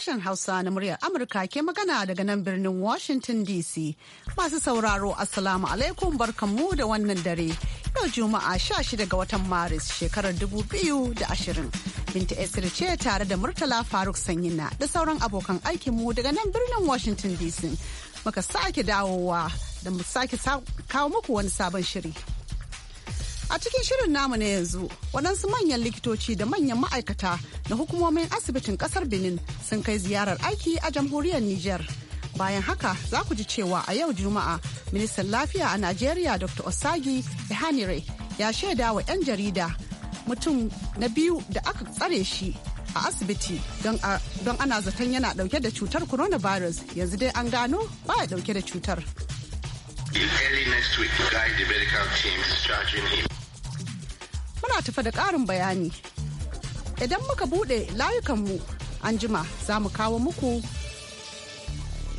sashen Hausa na muryar Amurka ke magana daga nan birnin Washington DC. Masu sauraro Assalamu alaikum barkanmu da wannan dare. Yau Juma'a 16 ga watan Maris shekarar 2020. Binta Esir ce tare da Murtala Faruk Sanyina da sauran abokan aikinmu daga nan birnin Washington DC. Muka sake dawowa da mu sake kawo muku wani sabon shiri. A cikin shirin namu na yanzu, waɗansu manyan likitoci da manyan ma'aikata na hukumomin asibitin ƙasar Benin sun kai ziyarar aiki a jamhuriyar Niger Bayan haka za ku ji cewa a yau Juma'a, ministan lafiya a Najeriya Dr. Osagi Ehanire ya shaida wa 'yan jarida mutum na biyu da aka tsare shi a asibiti don ana zaton yana dauke da cutar coronavirus yanzu dai an gano baya dauke da cutar. Early next week, the medical charging him. muna tafa da ƙarin bayani. Idan muka buɗe layukanmu an jima za mu kawo muku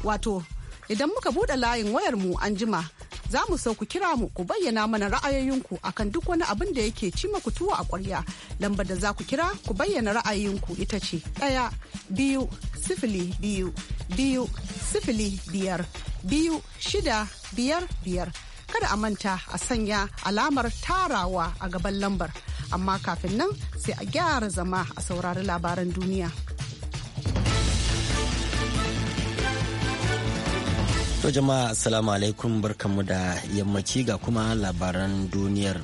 wato idan muka buɗe layin wayarmu an jima za mu sauku kira mu ku bayyana mana ra'ayoyinku akan duk wani abin da yake ci maku tuwo a ƙwarya lambar da za ku kira ku bayyana ra'ayoyinku ita ce ɗaya biyu sifili biyu biyu sifili biyar biyu shida biyar biyar kada a manta a sanya alamar tarawa a gaban lambar amma kafin nan sai a gyara zama a saurari labaran duniya. To jama'a assalamu alaikum barkanmu da yammaci ga kuma labaran duniyar.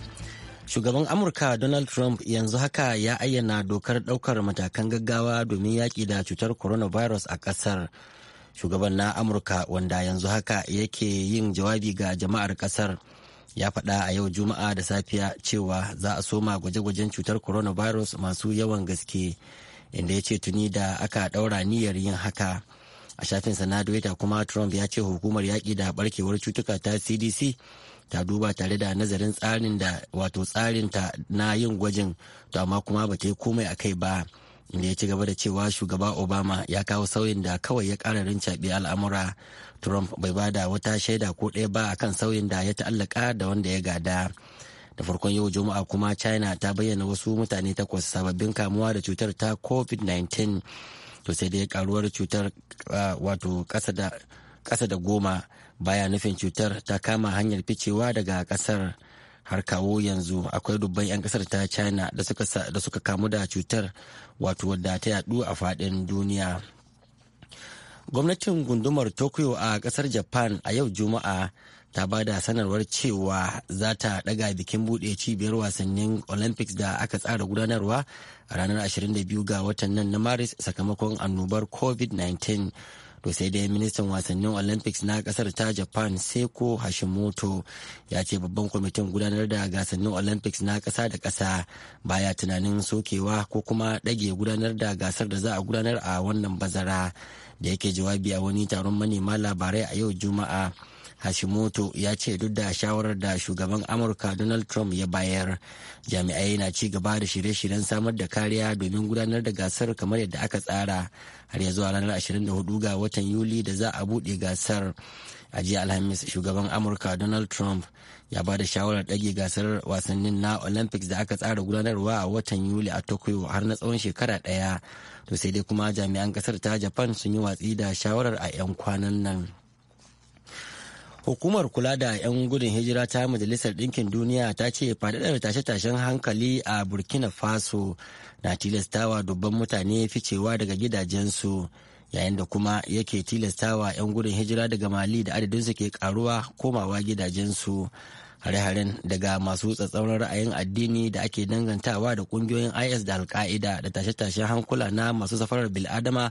Shugaban Amurka Donald Trump yanzu haka ya ayyana dokar ɗaukar matakan gaggawa domin yaƙi da cutar coronavirus a ƙasar. shugaban na amurka wanda yanzu haka yake yin jawabi ga jama'ar kasar ya faɗa a yau juma'a da safiya cewa za a soma gwaje-gwajen cutar coronavirus masu yawan gaske inda ya ce tuni da aka ɗaura niyyar yin haka a shafin na kuma trump ya ce hukumar yaƙi da barkewar cutuka ta cdc ta duba tare da nazarin tsarin da wato tsarinta na yin gwajin to amma kuma ba ta yi komai a kai ba inda ya ci gaba da cewa shugaba obama ya kawo sauyin da kawai ya ƙara rincaɓe al'amura trump bai ba da wata shaida ko ɗaya ba akan sauyin da ya ta'allaka da wanda ya gada da farkon yau juma'a kuma china ta bayyana wasu mutane takwas sababbin kamuwa da cutar ta covid-19 to sai dai karuwar cutar wato ƙasa da goma baya nufin cutar ta kama hanyar ficewa daga ƙasar har kawo yanzu akwai dubban 'yan kasar ta china da suka kamu da cutar wato wadda ta yadu a fadin duniya gwamnatin gundumar tokyo a kasar japan a yau juma'a ta ba da sanarwar cewa za ta daga bikin buɗe cibiyar wasannin olympics da aka tsara gudanarwa a ranar 22 ga watan nan na maris sakamakon annobar covid-19 to sai dai ministan wasannin olympics na kasar ta japan seiko hashimoto ya ce babban kwamitin gudanar da gasannin olympics na kasa da kasa baya tunanin sokewa ko kuma ɗage gudanar da gasar da za a gudanar a wannan bazara da yake jawabi a wani taron manema labarai a yau juma'a hashimoto ya ce duk da shawarar da shugaban amurka donald trump ya bayar jami'ai na ci gaba da shirye-shiryen samar da kariya domin gudanar da gasar kamar yadda aka tsara har ya zuwa ranar 24 ga watan yuli da za a buɗe gasar a jiya alhamis shugaban amurka donald trump ya ba da shawarar ɗage gasar wasannin na olympics da aka tsara gudanarwa a watan yuli a tokyo har na tsawon shekara ɗaya to sai dai kuma jami'an ƙasar ta japan sun yi watsi da shawarar a 'yan kwanan nan Hukumar kula da 'yan gudun hijira ta Majalisar Ɗinkin Duniya ta ce faɗaɗar tashe-tashen hankali a Burkina Faso na tilastawa dubban mutane ficewa daga gidajensu yayin da kuma yake tilastawa 'yan gudun hijira daga Mali da adadinsu ke karuwa komawa gidajensu. hare-haren daga masu tsatsauran ra'ayin addini da ake dangantawa da kungiyoyin is da alka'ida da tashe-tashen hankula na masu safarar biladama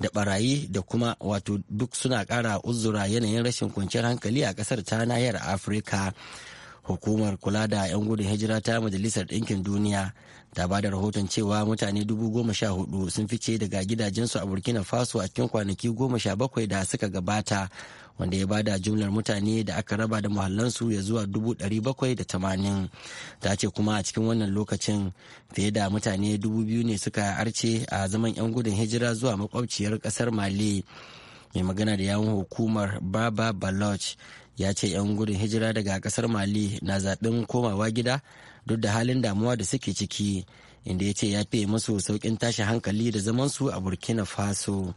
da barayi da kuma wato duk suna kara uzura yanayin rashin kwanciyar hankali a kasar ta nahiyar afirka hukumar kula da 'yan gudun hijira ta majalisar ɗinkin duniya ta ba da rahoton cewa mutane dubu goma sha hudu sun fice daga gidajensu a burkina faso a cikin kwanaki goma sha bakwai da suka gabata wanda ya bada jumlar mutane da aka raba da muhallansu ya zuwa dubu ɗari bakwai da tamanin ta ce kuma a cikin wannan lokacin fiye da mutane dubu biyu ne suka arce a zaman 'yan gudun hijira zuwa makwabciyar kasar mali mai magana da yawon hukumar baba baloch ya ce 'yan gudun hijira daga kasar mali na zaɓin komawa gida duk da halin damuwa da suke ciki inda ya ce ya fiye musu sauƙin tashi hankali da zaman su a burkina faso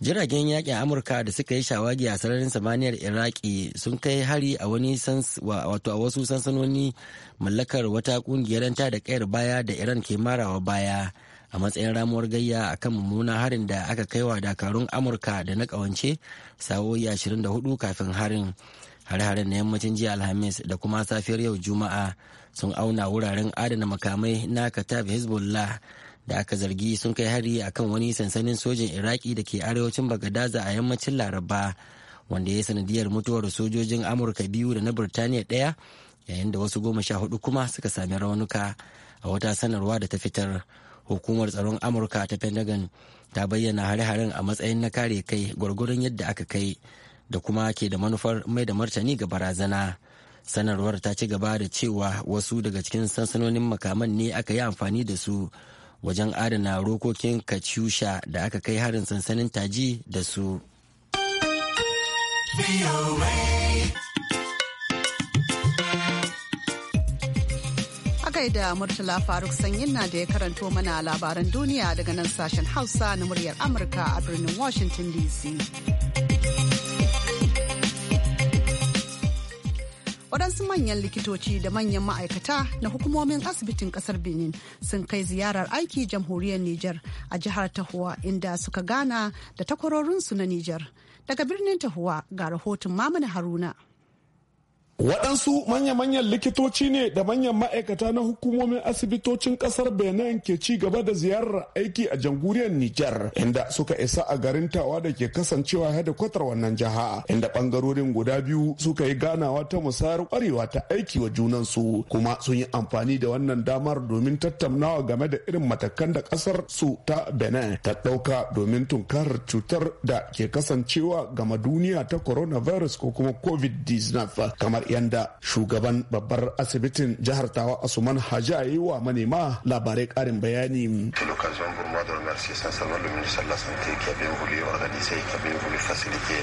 jiragen a amurka da suka yi shawagi a sararin samaniyar iraki sun kai hari a wani wato a wasu sansanoni mallakar wata ƙungiyar ta da kayar baya da iran ke marawa baya a matsayin ramuwar gayya a kan mummunan harin da aka kai wa dakarun amurka da na kawance sa'o'i 24 kafin harin hare-haren na yammacin jiya alhamis da kuma safiyar yau juma'a sun auna wuraren adana makamai na katab hezbollah da aka zargi sun kai hari akan wani sansanin sojin iraki da ke arewacin bagadaza a yammacin laraba wanda ya sanadiyar mutuwar sojojin amurka biyu da na birtaniya ɗaya yayin da wasu goma sha hudu kuma suka sami raunuka a wata sanarwa da ta fitar hukumar tsaron amurka ta pentagon ta bayyana hare-haren a matsayin na kare kai gwargwaron yadda aka kai da kuma ke da manufar mai da martani ga barazana sanarwar ta ci gaba da cewa wasu daga cikin sansanonin makaman ne aka yi amfani da su wajen adana rokokin kachusha da aka kai harin sansanin taji da su. kai da Murtala Faruk Sanyin na da ya karanto mana labaran duniya daga nan sashen Hausa na muryar Amurka a birnin Washington DC. wadansu manyan likitoci da manyan ma'aikata na hukumomin asibitin ƙasar benin sun kai ziyarar aiki jamhuriyar niger a jihar tahuwa inda suka gana da takwarorinsu na niger daga birnin tahuwa ga rahoton mamana haruna Waɗansu manya-manyan likitoci ne da manyan ma'aikata na hukumomin asibitocin ƙasar Benin ke ci gaba da ziyarar aiki a jamhuriyar Nijar, inda suka isa a garin tawa da ke kasancewa hedikwatar wannan jiha, inda ɓangarorin guda biyu suka yi ganawa ta musayar ƙwarewa ta aiki wa junansu, kuma sun yi amfani da wannan damar domin tattaunawa game da irin matakan da ƙasar su ta Benin ta ɗauka domin tunkarar cutar da ke kasancewa gama duniya ta coronavirus ko kuma COVID-19 kamar yanda shugaban babbar asibitin jihar tawa asuman hajiya yi wa manema labarai karin bayani sai san salwar da minisar lasan ta yi kebe wuli wa gani sai kebe wuli fasiliki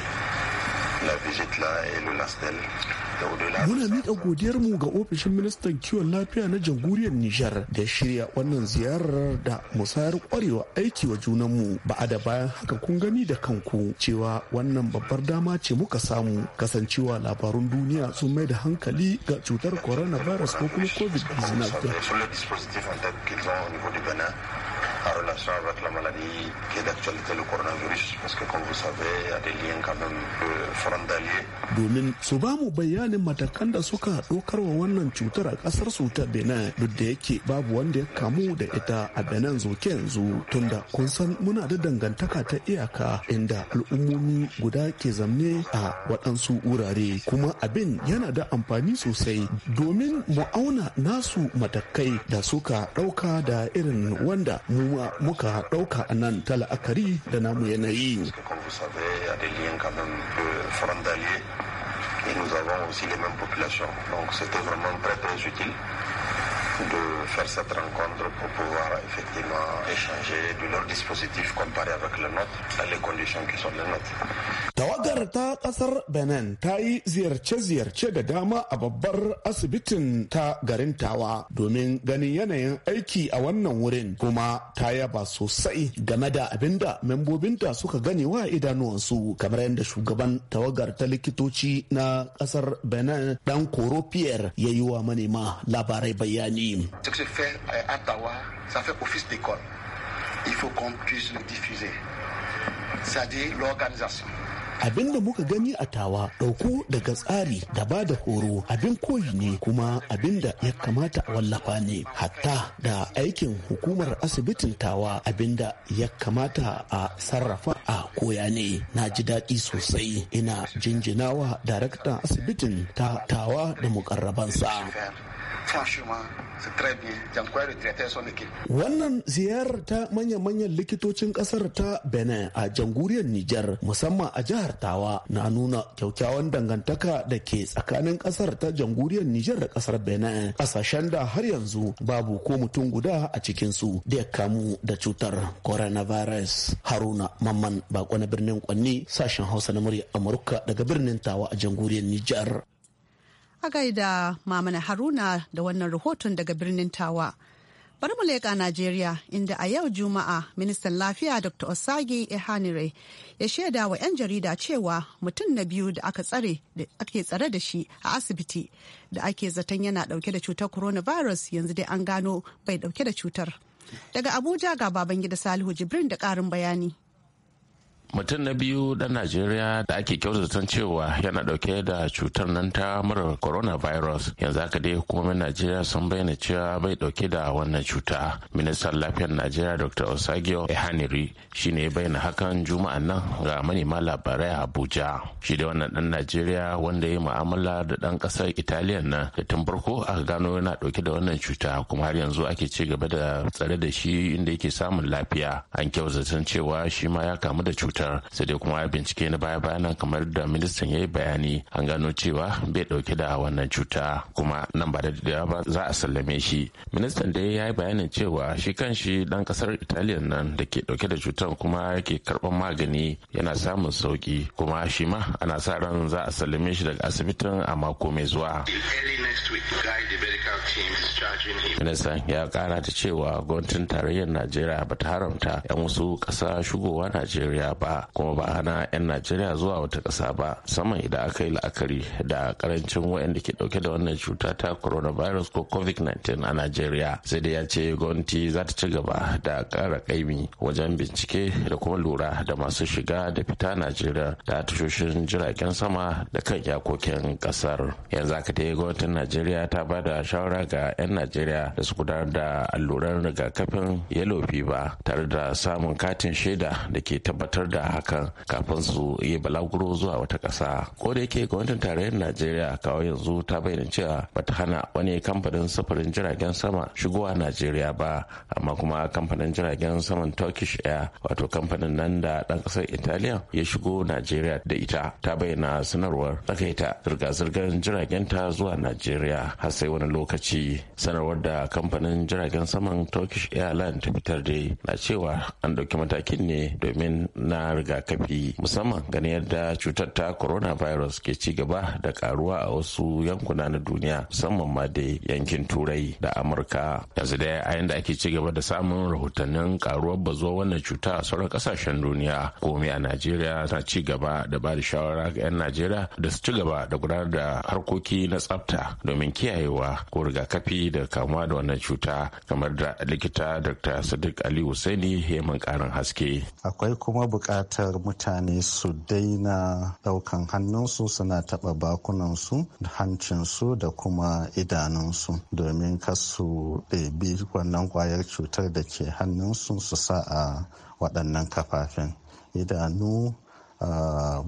Muna miƙa godiyarmu ga ofishin ministan kiwon lafiya na jamhuriyar Nijar da shirya wannan ziyarar da musayar kwarewa aiki wa junanmu ba a da bayan haka kun gani da kanku cewa wannan babbar dama ce muka samu kasancewa labarun duniya sun mai da hankali ga cutar coronavirus ko kuma covid-19. par relation avec la maladie qui est d'actualité le coronavirus parce que comme vous savez il y a des liens quand même euh, frontaliers. Domin su ba mu bayanin matakan da suka dokar wa wannan cutar a kasar su ta Benin duk da yake babu wanda ya kamu da ita a Benin zoke yanzu tunda kun san muna da dangantaka ta iyaka inda al'ummomi guda ke zamne a waɗansu wurare kuma abin yana da amfani sosai domin mu auna nasu matakai da suka ɗauka da irin wanda mu savez, il y a nan quand même da namu yanayi. Et nous avons aussi les mêmes populations. Donc c'était vraiment très très utile. de faire cette rencontre pour pouvoir effectivement échanger de leur dispositif comparé avec le nôtre dans les conditions qui sont les nôtres. Tawagar ta kasar Benin ta yi ziyarce-ziyarce da dama a babbar asibitin ta garin Tawa domin ganin yanayin aiki a wannan wurin kuma ta yaba sosai game da abinda membobinta suka gani wa idanuwansu kamar yadda shugaban tawagar ta likitoci na kasar Benin dan Koro Pierre ya yi wa manema labarai bayani. l'organisation. Abin da muka gani a tawa ɗauko daga tsari da ba da horo abin koyi ne kuma abin da ya kamata a wallafa ne hatta da aikin hukumar asibitin tawa abin da ya kamata a sarrafa a koya ne na ji daɗi sosai ina jinjinawa daraktan asibitin ta tawa da mukarrabansa. Eh, Wannan ziyarar ta manya-manyan likitocin kasar ta Benin a jamhuriyar Nijar musamman a jihar Tawa na nuna kyaukyawan dangantaka da ke tsakanin kasar ta jamhuriyar Nijar da kasar Benin kasashen da har yanzu babu ko mutum guda a cikinsu da ya kamu da cutar coronavirus. Haruna Mamman bako na birnin Kwanni sashen Hausa na murya Amurka daga birnin Tawa a jamhuriyar Nijar. a gaida mamana haruna da wannan rahoton daga birnin tawa bari mu leƙa najeriya inda a yau juma'a ministan lafiya dr osagi ehanire ya shaida wa 'yan jarida cewa mutum na biyu da aka tsare da ake tsare da shi a asibiti da ake zaton yana dauke da cutar coronavirus yanzu dai an gano bai dauke da cutar daga abuja ga baban gida salihu jibrin da karin bayani mutum na biyu dan najeriya da ake kyautata cewa yana dauke da cutar nan ta mara coronavirus yanzu haka dai hukumomin najeriya sun bayyana cewa bai dauke da wannan cuta ministan lafiyar najeriya dr osagio ehaniri shine ya bayyana hakan juma'a nan ga manema labarai a abuja shi da wannan dan najeriya wanda ya yi mu'amala da dan kasar italiya nan da tun farko aka gano yana dauke da wannan cuta kuma har yanzu ake ci gaba da tsare da shi inda yake samun lafiya an kyautata cewa shi ma ya kamu da cuta. cutar sai dai kuma bincike na baya bayanan kamar da ministan ya yi bayani an gano cewa bai dauke da wannan cuta kuma nan ba da daɗewa ba za a sallame shi ministan da ya yi bayanin cewa shi kan shi dan kasar italiya nan da ke dauke da cutar kuma yake karban magani yana samun sauki kuma shi ma ana sa ran za a sallame shi daga asibitin a mako mai zuwa ministan ya kara da cewa gwamnatin tarayyar najeriya ba ta haramta 'yan wasu kasa shigowa najeriya ba shari'a kuma ba hana 'yan najeriya zuwa wata ƙasa ba saman idan aka yi la'akari da karancin waɗanda ke dauke da wannan cuta ta coronavirus ko covid-19 a najeriya sai da ya ce gwamnati za ta ci gaba da ƙara kaimi wajen bincike da kuma lura da masu shiga da fita najeriya da tashoshin jiragen sama da kan iyakokin ƙasar yanzu aka dai gwamnatin najeriya ta ba da shawara ga 'yan najeriya da su gudanar da alluran rigakafin yellow fever tare da samun katin shaida da ke tabbatar da a hakan kafin su yi balaguro zuwa wata ƙasa ko da yake gwamnatin tarayyar najeriya kawo yanzu ta bayyana cewa bata hana wani kamfanin sufurin jiragen sama shigowa najeriya ba amma kuma kamfanin jiragen saman turkish air wato kamfanin nan da ɗan ƙasar italiya ya shigo najeriya da ita ta bayyana sanarwar tsakaita zirga-zirgar jiragen ta zuwa najeriya har sai wani lokaci sanarwar da kamfanin jiragen saman turkish airline ta fitar da na cewa an ɗauki matakin ne domin na rigakafi musamman ganin yadda cutar ta coronavirus ke ci gaba da karuwa a wasu yankuna na duniya musamman ma da yankin turai da amurka yanzu dai a da ake ci gaba da samun rahotannin karuwar bazuwa wannan cuta a sauran kasashen duniya komai a najeriya na ci gaba da ba da shawara ga 'yan najeriya da su ci gaba da gudanar da harkoki na tsafta domin kiyayewa ko rigakafi da kamuwa da wannan cuta kamar da likita dr sadiq ali husaini ya karin haske akwai kuma buƙatar Bukatar mutane su daina ɗaukan hannunsu suna taɓa bakunansu hancinsu da kuma idanunsu domin kasu ɗabi wannan kwayar cutar da ke hannunsu su sa a waɗannan kafafen idanu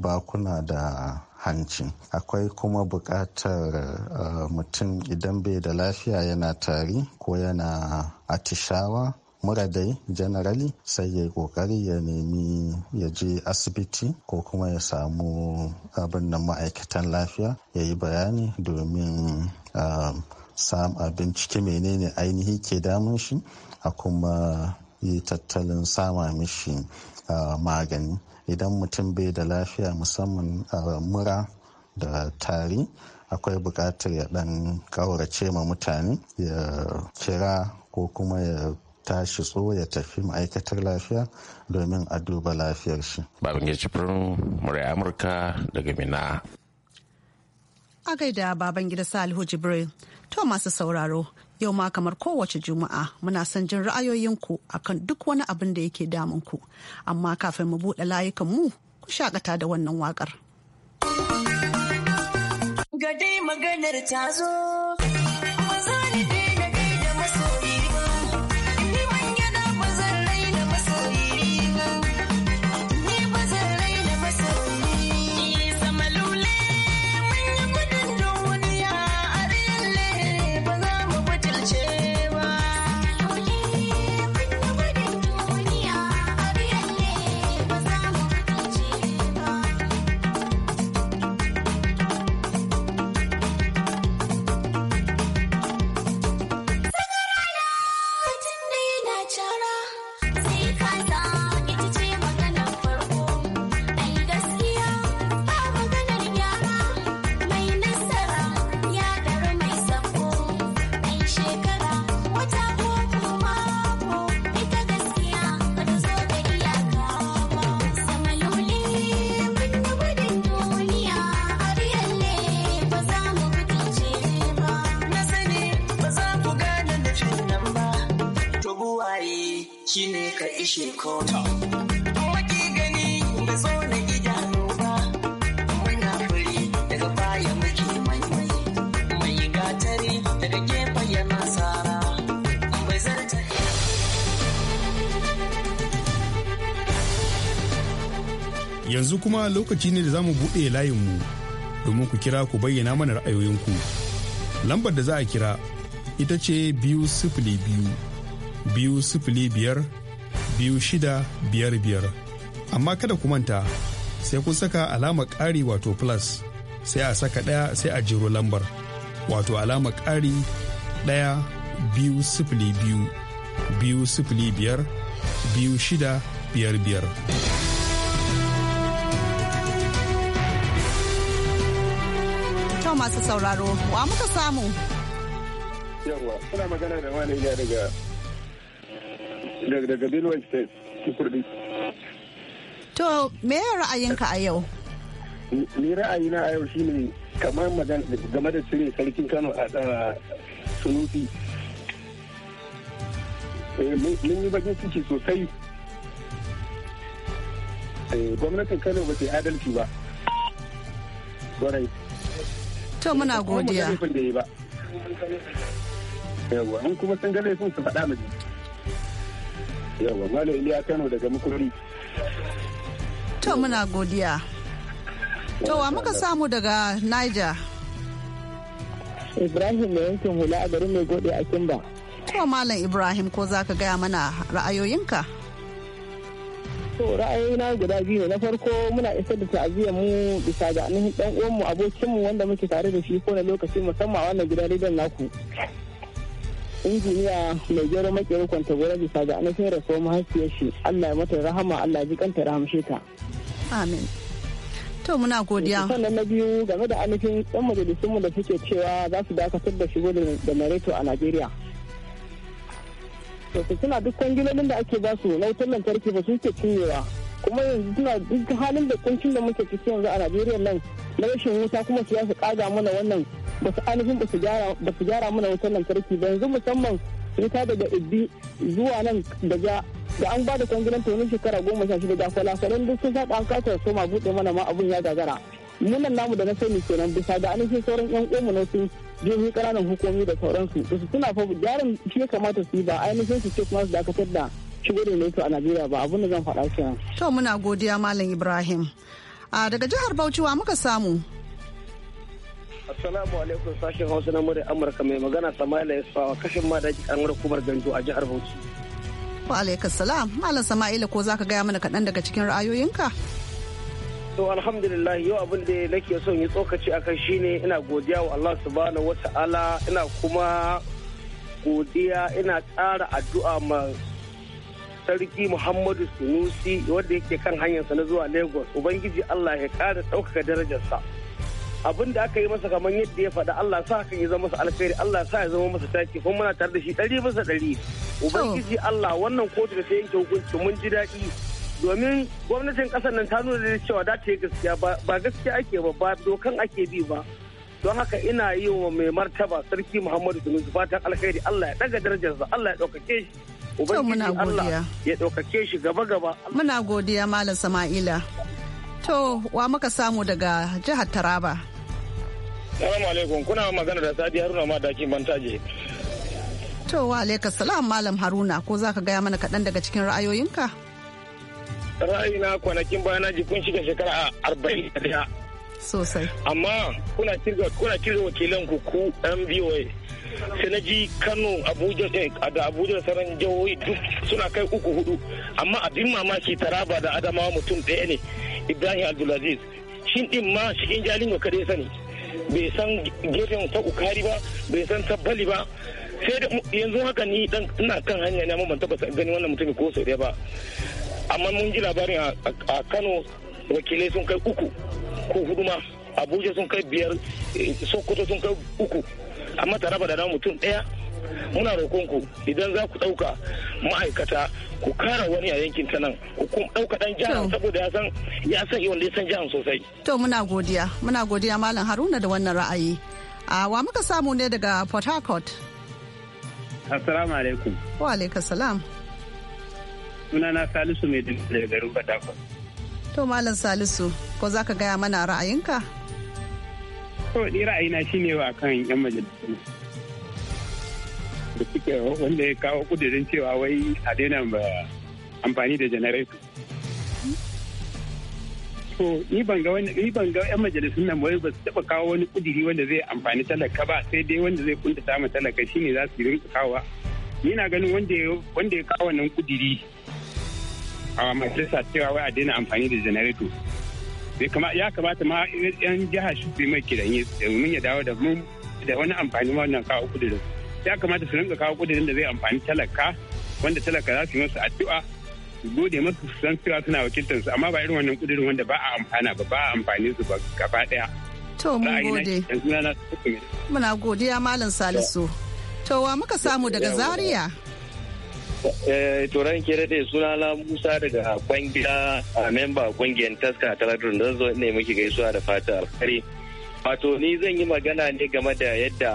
bakuna da hanci akwai kuma buƙatar mutum idan bai da lafiya yana tari ko yana atishawa muradai dai generally sai ya yi kokari ya nemi ya je asibiti ko kuma ya samu abin nan ma'aikatan lafiya ya yi bayani domin um, sam abin bincike menene ainihi ke damun shi a kuma yi tattalin sama mishi uh, magani idan mutum bai da lafiya musamman uh, mura da tari akwai buƙatar ya ɗan ƙaurace ma mutane ya kira ko kuma ya tashi tso ya tafi ma'aikatar lafiya domin a duba lafiyar shi. Babangeji Firin Murai Amurka daga Mina. A gaida Babangida Salihu Jibril, to masu sauraro, yau ma kamar kowace juma'a muna son jin ra'ayoyinku akan duk wani abin da yake damunku. Amma kafin mu buɗe mu ku shakata da wannan waƙar. Gade maganar ta shi ko yanzu kuma lokaci ne da za mu buɗe layinmu domin ku kira ku bayyana mana ra'ayoyinku. Lambar da za a kira ita ce biyu sifili biyu biyu sifili biyar shida 2655 amma kada ku manta sai kun saka alama ƙari wato plus sai a saka ɗaya sai a jiro lambar wato alama ƙari ɗaya biyu sifili biyu biyu sifili biyar biyu shida biyar biyar. masu sauraro wa muka samu yawwa suna magana da wani daga daga Benue State, Kukurdi. To, me ra'ayinka a yau? Ni ra'ayina a yau shine kamar magana game da cire sarkin Kano a sunufi eh, Mun yi bakin ciki sosai. Eh, gwamnatin Kano ba ta adalci ba. Gwarai. To muna godiya. Yawwa, an kuma sun gane sun su faɗa mu yawa malam iliya kano daga to muna godiya to wa muka samu daga niger ibrahim da yankin hula a garin mai gode a kimba to malam ibrahim ko za ka gaya mana ra'ayoyinka to na guda biyu ne na farko muna isa da ta'aziyar mu bisa ga ainihin dan uwanmu abokinmu wanda muke tare da shi ko na lokaci musamman a wannan gidan rediyon naku injiniya mai gero makero kwanta gore bisa ga sai rasuwar mahaifiyar shi Allah ya mata rahama Allah ji kanta rahamshe ta. Amin. To muna godiya. Sannan na biyu game da dan majalisun mu da suke cewa za su dakatar da shigo da Mareto a Najeriya. To su suna duk kwangilolin da ake ba su na wutar lantarki ba su ke cinyewa. kuma yanzu suna duk halin da kuncin da muke ciki yanzu a najeriya nan na rashin wuta kuma su su kaga mana wannan ba su ainihin ba su gyara mana wutar lantarki ba yanzu musamman wuta daga ibbi zuwa nan daga da an bada kwangilan tonin shekara goma sha shida da kwalakwalen duk sun saba an kasa soma buɗe mana ma abun ya gagara munan namu da na sani kenan bisa da ainihin sauran yan uwanmu na sun jihohi ƙananan hukumi da sauransu suna fa gyaran shi ya kamata su yi ba ainihin su ce kuma su dakatar da shigo da leto a Najeriya ba abin da zan faɗa kenan. To muna godiya Malam Ibrahim. A daga jihar Bauchi wa muka samu. Assalamu alaikum sashen Hausa na murya Amurka mai magana Sama'ila Yusuf kashin ma da hukumar Ganjo a jihar Bauchi. Wa alaikum salam Malam Sama'ila ko zaka gaya mana kaɗan daga cikin ra'ayoyinka? to alhamdulillah yau abin da nake son yi tsokaci akan shine ina godiya wa Allah subhanahu wata'ala ina kuma godiya ina tsara addu'a ma sarki muhammadu sunusi wanda yake kan hanyarsa na zuwa lagos ubangiji allah ya kara ɗaukaka darajarsa abin da aka yi masa kamar yadda ya faɗa Allah sa hakan ya zama masa alkhairi Allah sa ya zama masa taki kuma muna tare da shi ɗari bisa ɗari ubangiji Allah wannan kotu da ta yanke hukunci mun ji daɗi domin gwamnatin ƙasar nan ta nuna da cewa dace gaskiya ba gaskiya ake ba ba dokan ake bi ba don haka ina yi wa mai martaba sarki Muhammadu Tunusu fatan alkhairi Allah ya ɗaga darajarsa Allah ya ɗaukake shi Ubangiji ya shi gaba-gaba. Muna godiya Malam Sama'ila. To, wa muka samu daga jihar Taraba? Salamu alaikum, kuna magana da Sadi Haruna ma dakin bantaje. To, wa alaikas salam Malam Haruna, ko za ka gaya mana kaɗan daga cikin ra'ayoyinka? Ra'ayina kwanakin bayana ji kun shiga shekara arba'in da Sosai. Amma kuna kirga wakilan ku ku sai na ji kano abuja eh, da abuja sauran jihohi duk suna kai uku hudu amma abin mamaki taraba da adamawa mutum ɗaya ne ibrahim abdulaziz shin din ma shi jalin ga kare sani bai san gefen ta ukari ba bai san ta ba sai da yanzu haka ni dan ina kan hanya ne amma ban taba gani wannan mutum ko sai ba amma mun ji labarin a kano wakilai sun kai uku ko hudu ma abuja sun kai biyar eh, sokoto sun kai uku a mata raba da mutum ɗaya muna roƙonku idan za ku ɗauka ma'aikata ku kara wani a yankin ta nan ku ɗauka ɗan jihar saboda ya san ya san wanda ya san jihar sosai. To muna godiya muna godiya Malam Haruna da wannan ra'ayi. A wa muka samu ne daga Port Harcourt. Assalamu alaikum. Wa alaikum salam. Sunana Salisu mai daga garin Port Harcourt. To Malam Salisu ko za ka gaya mana ra'ayinka? kawai ni ra'ayina ne wa kan yan majalisun da suke wanda ya kawo kudirin cewa wai a daina amfani da janareto so ni ban ga wani ni ban ga yan majalisun nan wai ba su taba kawo wani kudiri wanda zai amfani talaka ba sai dai wanda zai kunta samu talaka shine za su rinka kawo ni na ganin wanda wanda ya kawo wannan kudiri a majalisa cewa wai a daina amfani da janareto ya kamata ma yan jiha shi su mai kiran yi domin ya dawo da mun da wani amfani wannan kawo kudirin ya kamata su rinka kawo kudirin da zai amfani talaka wanda talaka za su yi masu addu'a gode masu su san cewa suna wakiltar su amma ba irin wannan kudirin wanda ba a amfana ba ba a amfani su ba gaba daya to mun gode muna godiya malam salisu to wa muka samu daga zaria Eh, Turan kere daɗe suna na Musa daga kwangiya a memba kungiyar taska a talatin da zo ne muke gaisuwa da fata alkhairi. Wato ni zan yi magana ne game da yadda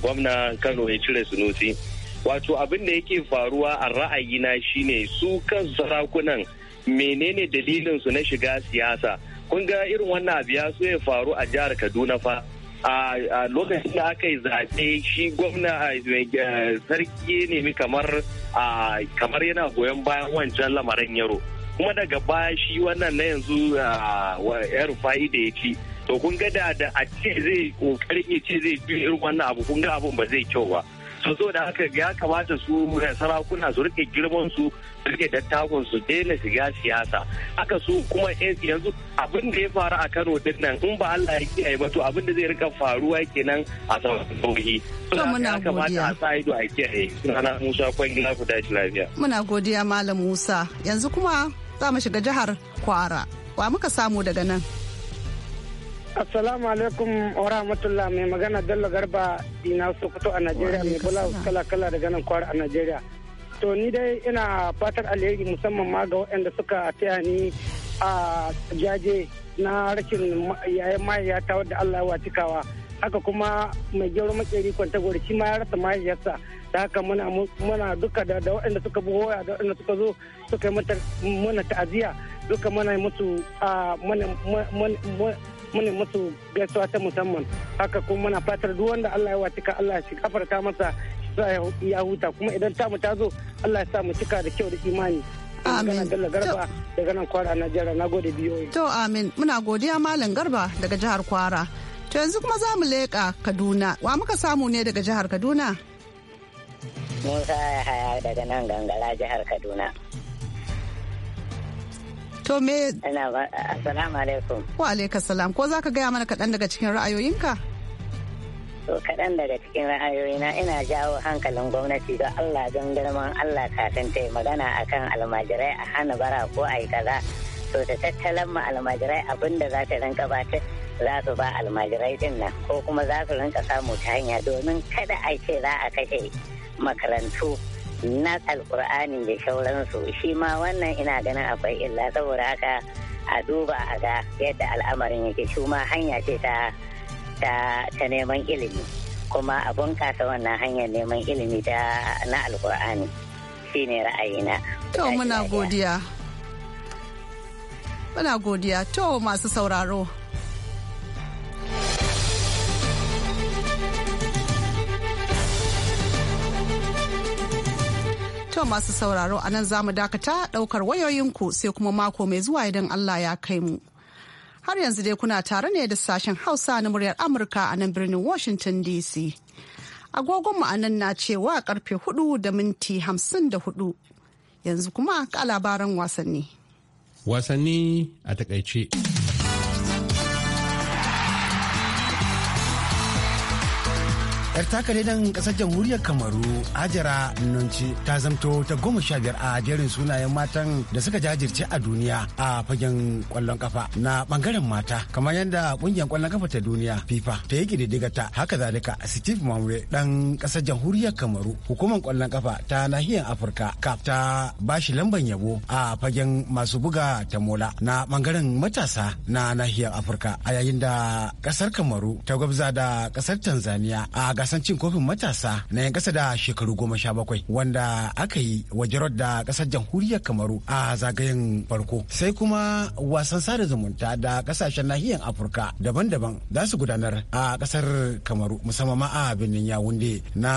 gwamna Kano ya cire Sunusi. Wato abin da yake faruwa a ra'ayina shine su kan sarakunan menene dalilinsu na shiga siyasa. Kun ga irin wannan abu ya so ya faru a jihar Kaduna fa. a lokacin da aka yi zaɓe shi gwamna eh, eh, sarki ne kamar kamar yana goyon bayan wancan lamarin yaro kuma daga baya shi wannan na yanzu yaro fa'i da ya ci to kun ga da a ce zai kokarin ya ce zai biyu irin wannan abu kun ga abun ba zai kyau ba su zo da haka ya kamata su sarakuna su rike girman su su rike dattakon su daina shiga siyasa haka su kuma eh, yanzu abin da ya faru a Kano din nan in ba Allah ya kiyaye ba to abin da zai rika faruwa kenan a sauki to muna godiya a sa ido a kiyaye sunana Musa Kwangila ku dace lafiya muna godiya malam Musa yanzu kuma za mu shiga jihar Kwara wa muka samu daga nan Assalamu alaikum wa rahmatullah mai magana dalla Garba dina Sokoto a Najeriya mai bula kala-kala daga nan kwara a Najeriya. To ni dai ina fatar alheri musamman ma ga waɗanda suka taya ni a jaje na rashin yayan mahaiyata wadda Allah ya cikawa. Haka kuma mai gero makeri kwanta gori shi ma ya rasa mahaiyarsa. Da haka muna duka da waɗanda suka buho da waɗanda suka zo suka yi mana ta'aziyya duka muna musu muna musu gaisuwa ta musamman haka kuma muna fatar duk wanda Allah ya watika Allah shi kafarta masa sa ya huta kuma idan tamu ta zo Allah ya sa mu cika da kyau da imani Amin. daga nan kwara jihar na gode biyoyi. To amin muna godiya Malam Garba daga jihar Kwara. To yanzu kuma za mu leƙa Kaduna. Wa muka samu ne daga jihar Kaduna? Musa ya haya daga nan gangara jihar Kaduna. To me? Assalamu alaikum. Wa alaika salam. Ko za ka gaya mana kaɗan daga cikin ra'ayoyinka? To kaɗan daga cikin ra'ayoyina ina jawo hankalin gwamnati ga Allah don girman Allah kafin ta yi magana a kan almajirai a hana bara ko a yi kaza. To da tattalin ma almajirai abin da za ta rinka ba ta za su ba almajirai din nan ko kuma za su rinka samu ta hanya domin kada a ce za a kashe makarantu na alkur'ani da shauransu shi ma wannan ina ganin akwai illa saboda haka a duba a ga yadda al'amarin yake shi ma hanya ce ta neman ilimi kuma a bunƙasa wannan hanyar neman ilimi ta na alkur'ani shi ne ra'ayina to muna godiya to masu sauraro To masu sauraro a nan za mu dakata ɗaukar wayoyinku sai kuma mako mai zuwa idan Allah ya kai mu. Har yanzu dai kuna tare ne da sashen Hausa na muryar Amurka a nan birnin Washington DC. Agogonmu a nan na cewa karfe hudu da minti hamsin da hudu. Yanzu kuma ka labaran wasanni. Wasanni a takaice. 'yar takaridan kasar jamhuriyar kamaru hajara nunci ta zamto ta goma sha biyar a jerin sunayen matan da suka jajirce a duniya a fagen kwallon kafa na bangaren mata kamar yadda kungiyar kwallon kafa ta duniya fifa ta yi kididdiga ta haka zalika steve mamre dan kasar jamhuriyar kamaru hukumar kwallon kafa ta nahiyar afirka kaf ta bashi lamban yabo a fagen masu buga ta mola na bangaren matasa na nahiyar afirka a yayin da kasar kamaru ta gwabza da kasar tanzania a gas gasan cin kofin matasa na yan kasa da shekaru goma sha bakwai wanda aka yi wajerar da kasar jamhuriyar kamaru a zagayen farko sai kuma wasan sada zumunta da kasashen nahiyar afirka daban-daban za su gudanar a kasar kamaru musamman ma a birnin yawunde na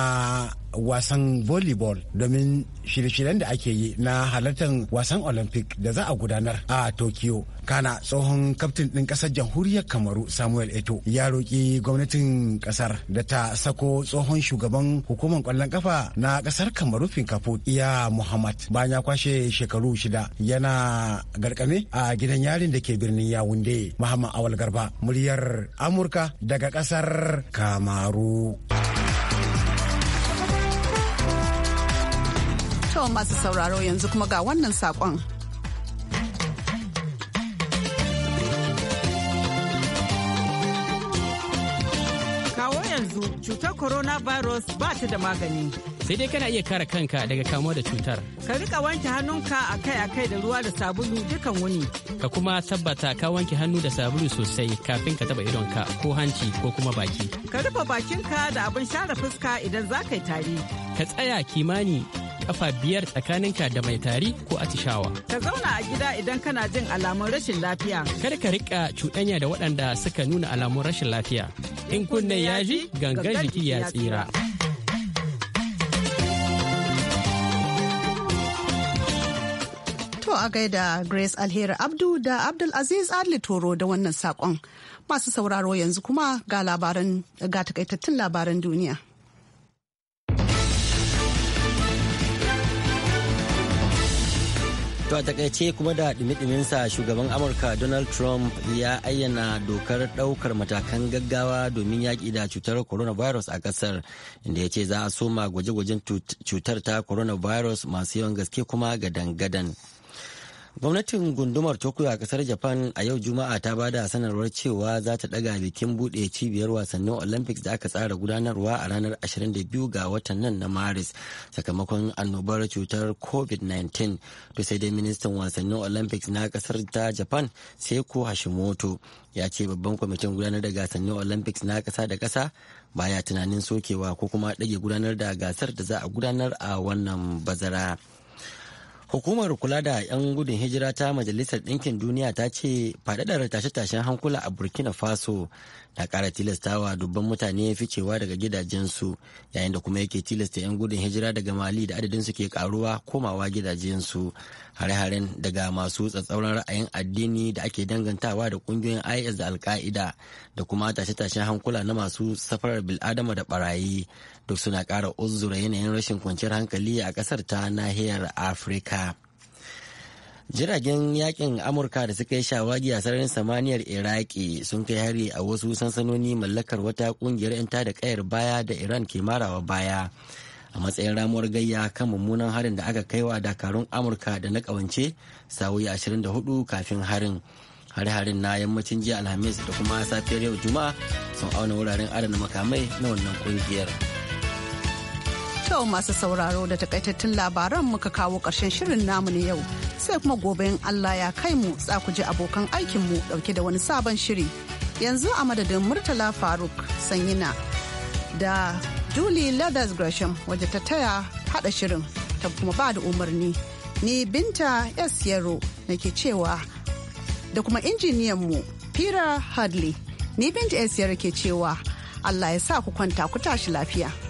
wasan volleyball domin shirye-shiryen da ake yi na halartar wasan olympic da za a gudanar a tokyo kana tsohon kaftin ɗin ƙasar jamhuriyar kamaru samuel eto ya roƙi gwamnatin ƙasar da ta sako tsohon shugaban hukumar ƙwallon ƙafa na ƙasar kamaru finkafo iya muhammad bayan ya kwashe shekaru shida yana garkame a gidan yarin da ke birnin yawunde muhammad awal garba muryar amurka daga ƙasar kamaru. To masu sauraro yanzu kuma ga wannan sakon Kawo yanzu cutar coronavirus ba ta da magani. Sai dai kana iya kare kanka daga kamuwa da cutar. Ka rika wanke hannunka akai-akai da ruwa da sabulu dukan wuni. Ka kuma tabbata ka wanke hannu da sabulu sosai kafin ka taba idonka ko hanci ko kuma baki. Ka rufe bakinka da abin share fuska idan za ka yi tari. Ka tsaya kimani kafa biyar tsakaninka da mai tari ko atishawa. Ka zauna a gida idan kana jin alamun rashin lafiya. kar ka rika cuɗanya da waɗanda suka nuna alamun rashin lafiya. In kunne ya ji gangan jiki ya tsira. To a gaida Grace Alheri Abdu da Abdulaziz Adli Toro da wannan saƙon. Masu sauraro yanzu kuma ga labaran ga takaitattun labaran duniya. To a takaice kuma da dumi sa shugaban Amurka Donald Trump ya ayyana dokar ɗaukar matakan gaggawa domin yaƙi da cutar coronavirus a ƙasar inda ya ce za a soma gwaje-gwajen cutar ta coronavirus masu yawan gaske kuma gadan-gadan. Gwamnatin gundumar Tokyo a kasar Japan a yau Juma'a ta bada sanarwar cewa za ta daga bikin buɗe cibiyar wasannin Olympics da aka tsara gudanarwa a ranar 22 ga watan nan na Maris sakamakon annobar cutar COVID-19. To sai dai ministan wasannin Olympics na kasar ta Japan sai Seiko Hashimoto ya ce babban kwamitin gudanar da gasannin Olympics na kasa da kasa baya tunanin sokewa ko kuma ɗage gudanar da gasar da za a gudanar a wannan bazara. Hukumar kula da 'yan gudun hijira ta Majalisar Ɗinkin Duniya ta ce faɗaɗar tashe-tashen hankula a Burkina Faso ya kara tilastawa dubban mutane ficewa daga gidajensu yayin da kuma yake tilasta 'yan gudun hijira daga mali da adadinsu ke karuwa komawa gidajensu hare-haren daga masu tsatsauran ra'ayin addini da ake dangantawa da kungiyoyin is da alka'ida da kuma tashe-tashen hankula na masu safarar bil'adama da barayi duk suna kara uzura yanayin rashin kwanciyar hankali a kasar ta nahiyar afirka jiragen yakin amurka da suka yi shawagi a sararin samaniyar iraki sun kai hari a wasu sansanoni mallakar wata kungiyar 'yan da kayar baya da iran ke marawa baya a matsayin ramuwar gayya kan mummunan harin da aka kai wa dakarun amurka da na kawance sa'o'i 24 kafin harin hare-haren na yammacin jiya alhamis da kuma safiyar yau juma'a sun auna wuraren adana makamai na wannan kungiyar. To masu sauraro da takaitattun labaran muka kawo ƙarshen shirin namu na yau. Sai kuma gobe in Allah ya kai mu za ku ji abokan aikinmu ɗauke da wani sabon shiri. Yanzu a madadin Murtala Faruk Sanyina da Julie Leathers Gresham waje ta taya haɗa shirin ta kuma ba da umarni. Ni Binta S. Yaro ke cewa da kuma injiniyanmu Pira Hadley. Ni Binta S. Yaro ke cewa Allah ya sa ku kwanta ku tashi lafiya.